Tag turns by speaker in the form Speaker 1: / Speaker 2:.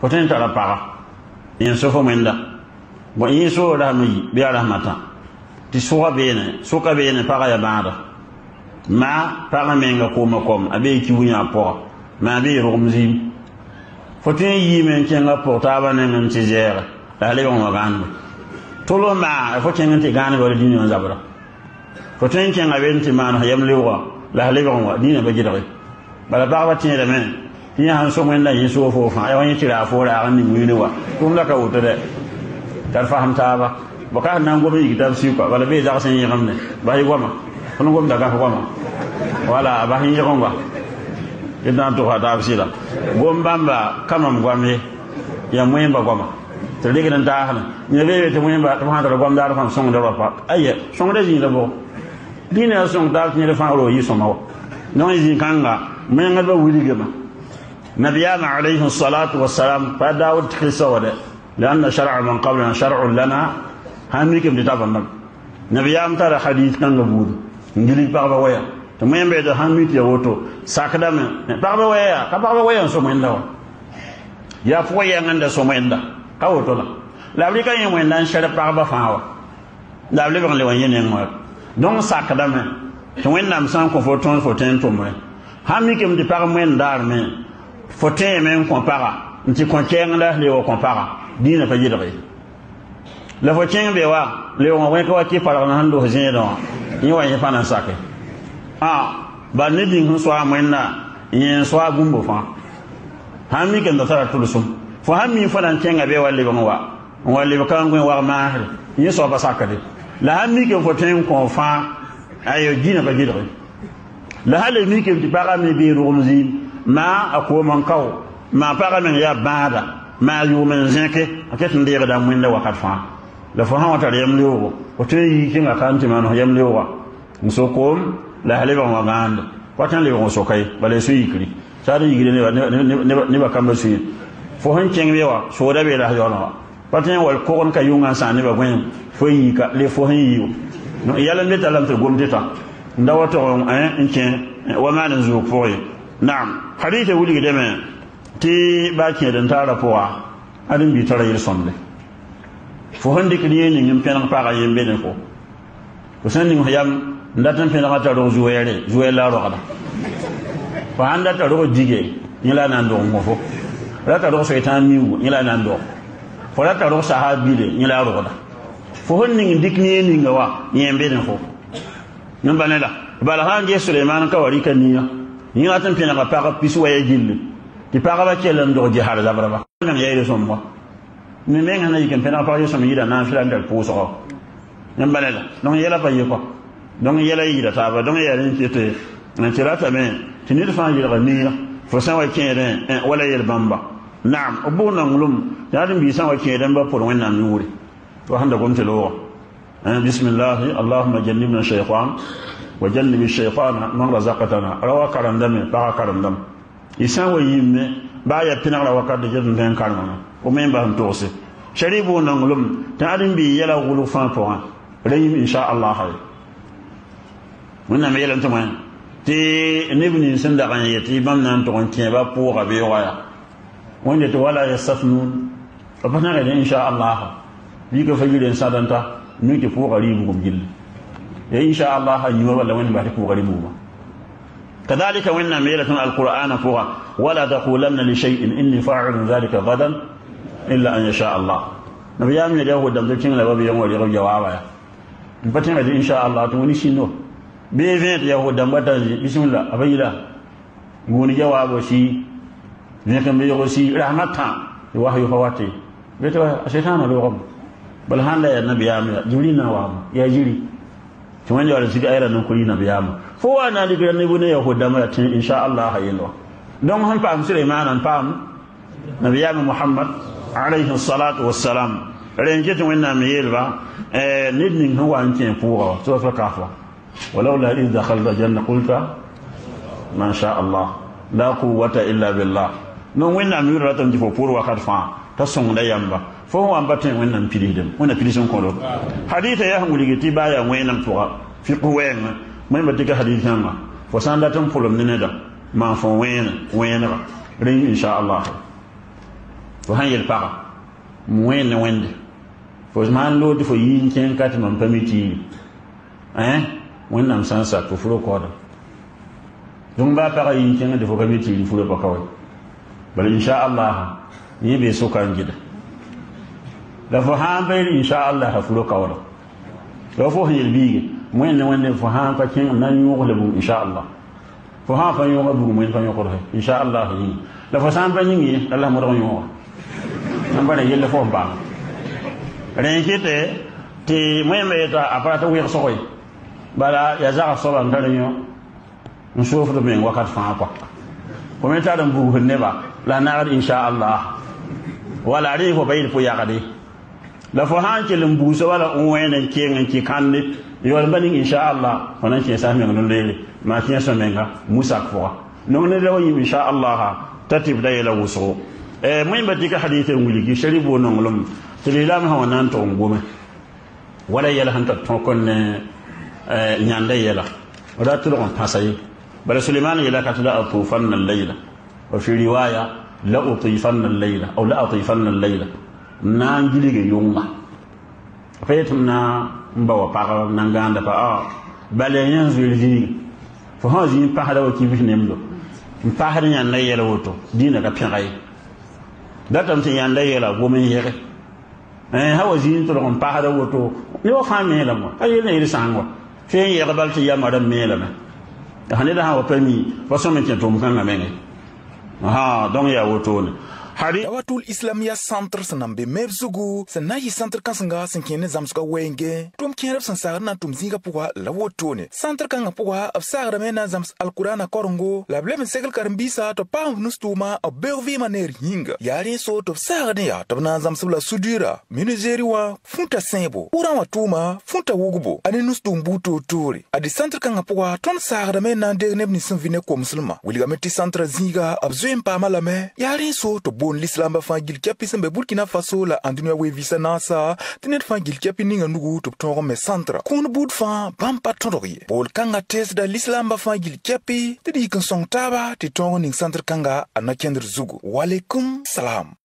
Speaker 1: fotenta la paga yen sofo men da bo yin so da no yi bi ala mata ti so bene so ka bene paga ya bada ma paga men ga ko makom abe ki wunya po ma bi rumzi foten yi men ken la portable ne men ti jere la le on ran tolo ma e fo ken ti gan go di nyon zabra foten ken ga ben ti man ha yam lewa la le on wa dina ba jidare bala paga ti ne men yã sẽn sõm wẽnda yẽ soofo fãa ya yẽ tɩra a foora ag n ning wĩne wa tʋʋm la ka woto dɛ tar fasem taaba baka sẽn na gom yik tab sɩʋka bala bee zag sẽn yẽgemde bas y goama fõn gomda gas goama wala bas yẽgem wa d na tʋgsa taab sɩla gom bãmba ka mam goam ye yaa wẽmba goama tɩ rɩgd n taasne yẽ beebe tɩ wẽmba tɩ fãa tara goamdaar fãm sõngda wa pa aya sõngda zĩigda bʋg dĩinã sõng taab tɩ yẽd fãa roo yɩ sõma wa nong y zĩ-kãnga mẽngdbã wilgame نبينا عليه الصلاة والسلام فداود وتكسا ودا لأن شرع من قبلنا شرع لنا هنريكم تتابع النبي نبيام ترى حديث كان نبود نجلي بابا ويا تمين بعد هنريك يا وتو ساكدا من بابا ويا كبابا ويا سومين دوا يا فويا عند سومين دا كوتو لا لابد كان يومين لان شرع بابا فاوا لابد كان لوين ينمر دون ساكدا من تمين ينام سان كفوتون فوتين تومه هنريكم تتابع من دار من fo tẽeme n kõ paga n tɩ kõ-kɛɛngda leoog kõ paga dĩinã pa yɩlge la fo kẽng be wa leoogã wẽka wa kɩ palg na sẽn los zẽedẽ wã yẽ wa yẽ pa na n sake ã bal ne dĩng sẽn soa wẽnda yẽ n soa bũmbo fãa sãn mikame t'a tara tʋlsem fo sãn mi fo na n kẽnga be wa lebg wa n wa lebg n gõe wag maasre yẽ soa pa sakde la sãn mikame fo tõe n kõ fãa ayo dĩinã pa gɩlge la sã le mikame tɩ pagame bee rʋgem zĩim ma a koom n kao ma pagã meng ya bãada ma a yʋʋm n zẽke a ket n deegda n wẽnda wakat fãa la fo sã wa tar yam leoogo fo tõe n yik kẽnga ka n tɩ yam leooga n so la a lebg n wa gãande pa tã n lebg n soka ye bala y sũ-yikri saad n yikre nebã fo sẽn kẽng be wa sooda beela s yaoolã wa pa tõe ka yʋngã n sã n nebã fo n yika le fo sẽn yiibu yɛl n be tara n tɩ gomd tã n da wa tog n kẽ wa maan naam hadithe wuli deme ti ba ke den tara poa adin bi tara yir sonde fo hande ni ni ngim yembe ne ko ko san ni hayam ndatan penan ga taro zuwere zuwela ro kada jige nyala nan do mo fo la taro shaytan mi wu nyala nan do fo la taro sahabi ni ngawa yembe ne ko nyamba bala hanje suleiman ka wari kan yẽga tɩ n pẽnega pag pis wa ya gilli tɩ pagba kell n dog jihar zabraba nan yɛɩl sõmba me menga na yik n pẽnega pag yesõm yɩɩda naafɩla n dar pʋʋsgɔ yẽ bala la donc yɛla pa yekɔ donc yɛla yɩɩda taaba donc yaa n kɩtɩ n tɩ ratame tɩ ned fãa yɩlga niira fo sã wa kẽedẽ wala yel bãmba naam b bʋg nanglem tɩ ad n bii sã wa kẽedẽ ba pʋd wẽnnaam nuure wa sẽn da gom tɩ loogã bismillahi allahuma jannibna shaytan وجنب الشيطان من رزقتنا روا كرندم با كرندم يسان ويم با يتنا روا كد جن تن كرمنا ومن بهم توسي شريبو نغلم تعلم بي يلا غلو فان فوان ريم ان شاء الله خير من ما يلا انتم تي نبني سند عن يتي بام نان تون تي با بو غبي وايا وين ولا ان شاء الله بيك فجر انسان انت نيجي فوق غريبكم جل ya insha Allah yiwar wala wani ba ku gari mu ba kadhalika wanna maylatun alqur'ana fuha wala taqulanna li shay'in inni fa'ilun dhalika gadan illa an yasha Allah nabi ya mi da yawo da kin la babu yawo da yawo jawaba batin da insha Allah to wani shino be event yawo da bata bismillah abayila goni jawabo shi ne kan be yawo shi rahmatan wahyu fawati beto shaytanu lo rabb bal han la ya nabi ya mi jibril na wa ya jiri timan yo arziki ayra non ko yina biyama fo wa na di gran ibune yo ko dama tin insha Allah hayelo don han pam Sulaiman an pam nabiyama Muhammad alayhi salatu wassalam ren jetu wenna mi yelba eh nid ning ho wan tin pura to fa kafa ولولا إذ دخلت الجنة قلت ما شاء الله لا قوة إلا بالله نون وين نعمل راتم جفو بور وقت فان تسون دا يامبا fo fo wan batin wannan pilidem wannan pilidem ko do ah. hadita ya hanguli giti baya wannan tuwa fi quwen mai batiga hadita ma fo sanda tan problem ne da ma fo wen wen ba insha Allah fo han yel para wen wen fo man lo fo yin ken kat man pamiti eh wannan san sa to furo ko da ba para yin ken da fo pamiti furo ba kawai bal insha Allah gida لفهان بين إن شاء الله فلوك ورد لفهان يلبيه مين لوين لفهان كتين من يغلب إن شاء الله فهان كان يغلب مين كان يقره إن شاء الله يين لفهان بين يين الله مرغم يغلب نبدأ يلا فهم بان رينكيت إيه. تي مين إيه ميتا أبرات ويك سوي بلا يزار سوا نتاني نشوف دمين وقت فهان قا ومن تعلم بوه النبا لا نعرف إن شاء الله ولا ريح وبيل فيا قدي la fo han ke lembu so wala on wena ke ngan ke kanne yol bani insha Allah fana ke sa me ngol lele ma ke so me nga musa ko no ne da wani insha Allah tatib da yela wuso eh mun ba dika hadithe nguli ki sharibu no ngolum tilila ma hawa nan to ngome wala yela han ta to kon ne nyanda yela wala tulo on pasayi bala suleiman yela ka tula atufanna al-layla wa fi riwaya la utifanna al-layla aw la atifanna al-layla nan jilige yunga fayetum na mbawa paga nanganda pa ah bale nyan zuli ji fo ha ji pa hada wati bi ne mdo pa hada nyan na yela woto dina ka pya kai datam ti nyan da yela go men yere eh ha wa ji to ron pa hada woto ni wa fami la mo ayi ne yiri sangwa fe yi ga bal ti ya madam me la ta hanida ha wa pami fo so men ti to mkan na mene ha don ya woto ne
Speaker 2: hari tawatul islamia centre sẽn na n be meb zugu sẽn na n yɩ centr kãsenga sẽn kẽer ne zãmsgã wɛɛngẽ tʋm b sẽn sagr na n tʋm zĩigã pʋga la wotone centr kãngã pʋga b sagrame na zãms alkurana korengo la b leb n segl karen-biisã tɩ b paam b nustʋʋma b beog vɩɩmã neer yĩnga yaa rẽ so tɩ b sagd yaa tɩ b na n zãmsb la sudurã minigeri wã fũta sẽebo pʋgrã wã tʋʋma fũta wugbo a ne nustʋʋm buud toor-toore a dɩ centr kãngã pʋga tõnd sagrame na n deg neb nins sẽn vɩ ne komslmã wilgame tɩ centrã zĩiga b zoeen paamã lame yaa rẽ so tɩ woni lisila amba fãa gil kɛpi sẽn be burkina faso la andũnia weevisa naasa tɩ ned fãa gil kɛpi ninga nugu tɩ b tõog n me sãntra kũud buud fãa bãmb pa tõdg ye bool-kãngã teesda lisila amba fãa gil kɛpi tɩ d yik n sõng taaba tɩ tõog ning sãntr-kãnga a nakẽndr zugu walekum salam